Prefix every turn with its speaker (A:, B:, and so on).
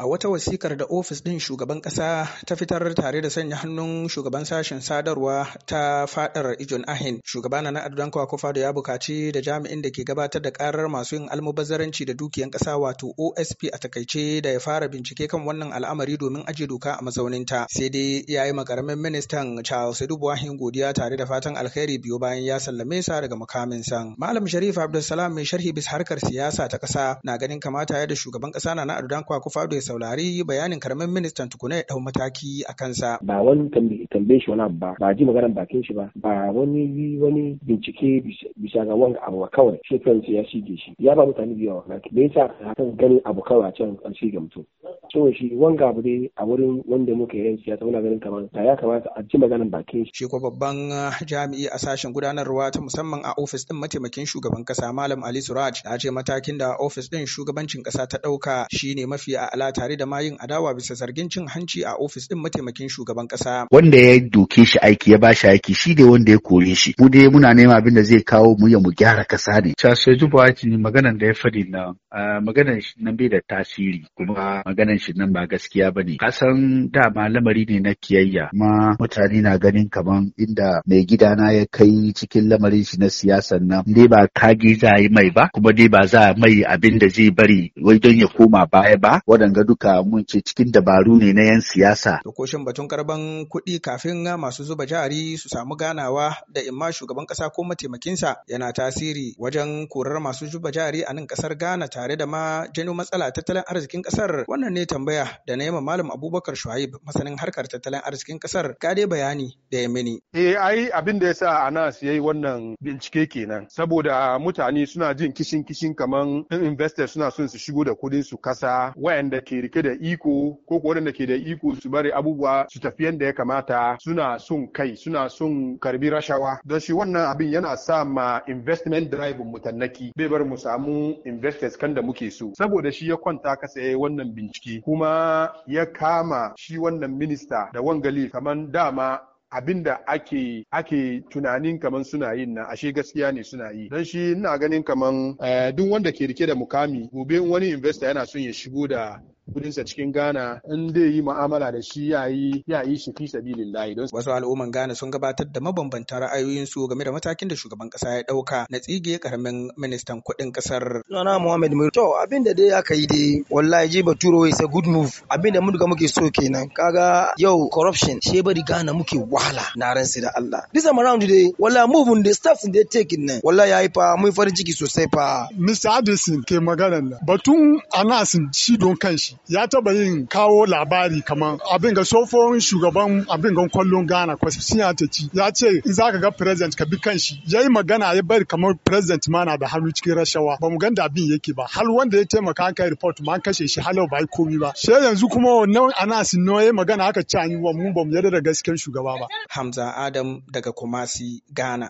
A: a wata wasikar da ofis ɗin shugaban ƙasa ta fitar tare da sanya hannun shugaban sashen sadarwa ta fadar ijon ahin shugaba na adudan kwakofa da ya bukaci da jami'in da ke gabatar da karar masu yin almubazzaranci da dukiyan ƙasa wato osp a takaice da ya fara bincike kan wannan al'amari domin ajiye doka a ta, sai dai ya yi makaramin ministan charles ahin godiya tare da fatan alkhairi biyo bayan ya sallame sa daga mukamin san malam sharif abdulsalam mai sharhi bis harkar siyasa ta ƙasa na ganin kamata ya da shugaban ƙasa na adudan kwakofa saurari bayanin karamin ministan tukuna ya dau mataki a kansa.
B: Ba wani tambaye shi wani
A: ba, ba ji maganar bakin shi ba, ba wani wani bincike bisa ga wani abu kawai shi kansa ya shige shi. Ya ba mutane da yawa, me yasa hakan ganin abu kawai a can an shige mutum. so shi wanga abu dai a wurin wanda muka yi siyasa muna ganin kamar Ta ya kamata a ji maganin bakin shi. babban ah, jami'i a sashen gudanarwa ta musamman a ofis ɗin mataimakin shugaban kasa Malam Ali Suraj ya ce matakin da ofis ɗin shugabancin kasa ta ɗauka shine mafi a'ala tare da mayin adawa bisa zargin cin hanci a ofis ɗin mataimakin shugaban kasa.
B: Wanda ya doke shi aiki ya ba shi aiki shi ne wanda ya kore shi. Mu dai muna neman abin da zai kawo mu ya mu gyara kasa ne. Cashe ne maganan da ya faɗi na ah, maganan nan bai da tasiri kuma maganan shi nan ba gaskiya ba ne. Kasan dama lamari ne na kiyayya kuma mutane na ganin kaman inda mai gidana ya kai cikin lamarin shi na siyasan nan Ne ba kage za yi mai ba kuma dai ba za mai abin da zai bari wai don ya koma baya ba waɗanga duka mun ce cikin dabaru ne na yan siyasa.
A: Dokoshin batun karban kuɗi kafin masu zuba jari su samu ganawa da imma shugaban ƙasa ko mataimakinsa yana tasiri wajen korar masu zuba jari a nan ƙasar Ghana tare da ma janyo matsala tattalin arzikin ƙasar wannan ne tambaya da na yi ma Malam Abubakar Shuaib masanin harkar tattalin arzikin kasar ga dai bayani da ya
C: mini. Eh ai abin da ya sa Anas ya yi wannan bincike kenan saboda mutane suna jin kishin kishin kaman in investor suna son su shigo da kudin su kasa wayanda ke rike da iko ko ko ke da iko su bari abubuwa su tafi yanda ya kamata suna son kai suna son karbi rashawa don shi wannan abin yana sa ma investment drive mutannaki bai bar mu samu investors kan da muke so saboda shi ya kwanta kasa yi wannan bincike kuma ya kama shi wannan minista da wangali Kaman dama abinda ake ake tunanin kaman suna yin na ashe gaskiya ne suna yi don shi ina ganin kaman eh, duk wanda ke rike da mukami gobe wani investor yana son ya shigo da kudinsa cikin Ghana in zai yi mu'amala da shi ya yi ya yi shi fi sabilillahi don wasu al'umman Ghana
A: sun gabatar da ra'ayoyin su game da matakin da shugaban kasa ya dauka na tsige karamin ministan kuɗin kasar sunana Muhammad Miro to abin da dai aka yi dai wallahi ji Baturo is a good move abin da mun ga muke so kenan kaga yau corruption she bari Ghana muke wahala na ransu da Allah this time around dai wallahi move da staff da take nan wallahi yayi fa mun farin ciki sosai
C: fa Mr. Addison ke magana nan batun Anasin shi don kanshi ya taba yin kawo labari kaman abin ga tsofaffin shugaban abin ga kwallon Ghana ya ce in za ka ga president ka bi kan shi. Ya yi magana ya bari kamar president ma na da hannu cikin rashawa ba mu gan da abin yake ba Hal wanda ya taimaka an kai report ma an kashe shi halau ba komi ba shi yanzu kuma wannan anas no yi magana aka ci an yi wa mu ba mu yarda da gaskiyar shugaba ba Hamza
A: Adam daga Kumasi Ghana